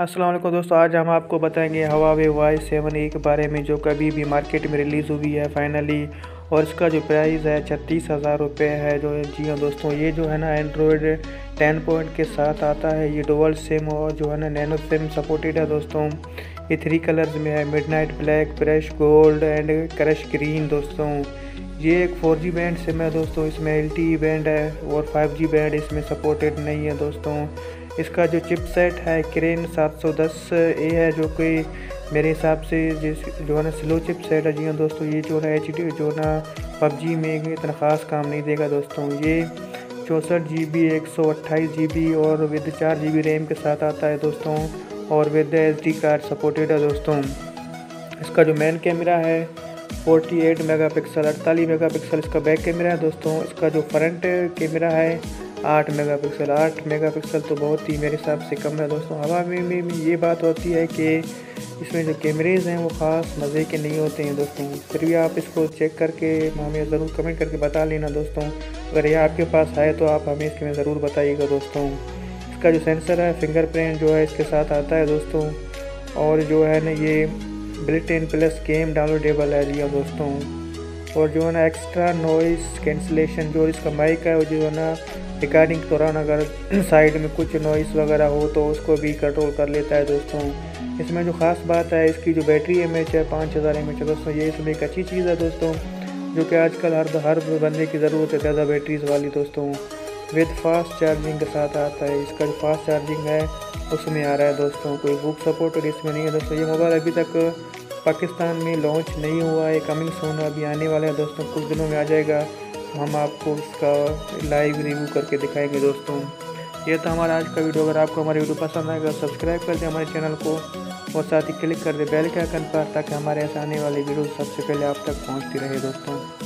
असलम दोस्तों आज हम आपको बताएंगे हवावे वाई सेवन ए के बारे में जो कभी भी मार्केट में रिलीज़ हुई है फाइनली और इसका जो प्राइस है छत्तीस हज़ार रुपये है जो जी हाँ दोस्तों ये जो है ना एंड्रॉयड टेन पॉइंट के साथ आता है ये डोबल सिम और जो है ना नैनो सिम सपोर्टेड है दोस्तों ये थ्री कलर्स में है midnight black brush gold and crush green दोस्तों ये एक फोर जी बैंड सिम है दोस्तों इसमें एल बैंड e है और फाइव जी बैंड इसमें सपोर्टेड नहीं है दोस्तों इसका जो चिपसेट है क्रेन 710 ए है जो कि मेरे हिसाब से जिस जो है ना स्लो चिपसेट है जी हाँ दोस्तों ये जो है एच डी जो ना पबजी में इतना ख़ास काम नहीं देगा दोस्तों ये चौंसठ जी बी एक सौ अट्ठाईस जी बी और विद चार जी बी रैम के साथ आता है दोस्तों और with S D card supported है दोस्तों इसका जो मेन कैमरा है 48 मेगापिक्सल 48 मेगापिक्सल इसका बैक कैमरा है दोस्तों इसका जो फ्रंट कैमरा है आठ मेगा पिक्सल आठ मेगा पिक्सल तो बहुत ही मेरे हिसाब से कम है दोस्तों हवा में, भी ये बात होती है कि इसमें जो कैमरेज़ हैं वो ख़ास मज़े के नहीं होते हैं दोस्तों फिर भी आप इसको चेक करके हमें ज़रूर कमेंट करके बता लेना दोस्तों अगर ये आपके पास आए तो आप हमें इसके में ज़रूर बताइएगा दोस्तों इसका जो सेंसर है फिंगरप्रिंट जो है इसके साथ आता है दोस्तों और जो है ना ये ब्रिटेन प्लस गेम डाउनलोडेबल है लिया दोस्तों और जो है ना एक्स्ट्रा नॉइस कैंसिलेशन जो इसका माइक है वो जो है ना रिकॉर्डिंग के दौरान अगर साइड में कुछ नॉइस वगैरह हो तो उसको भी कंट्रोल कर लेता है दोस्तों इसमें जो ख़ास बात है इसकी जो बैटरी एम है पाँच हज़ार एम है दोस्तों ये इसमें एक अच्छी चीज़ है दोस्तों जो कि आजकल हर हर बंदे की ज़रूरत है ज़्यादा बैटरीज वाली दोस्तों विद फास्ट चार्जिंग के साथ आता है इसका जो फास्ट चार्जिंग है उसमें आ रहा है दोस्तों कोई बुक और इसमें नहीं है दोस्तों ये मोबाइल अभी तक पाकिस्तान में लॉन्च नहीं हुआ है कमिंग सोन अभी आने वाला है दोस्तों कुछ दिनों में आ जाएगा हम आपको उसका लाइव रिव्यू करके दिखाएंगे दोस्तों ये तो हमारा आज का वीडियो अगर आपको हमारे वीडियो पसंद आएगा सब्सक्राइब कर दें हमारे चैनल को और साथ ही क्लिक कर दें बेल के आइकन पर ताकि हमारे ऐसे आने वाले वीडियो सबसे पहले आप तक पहुँचती रहे दोस्तों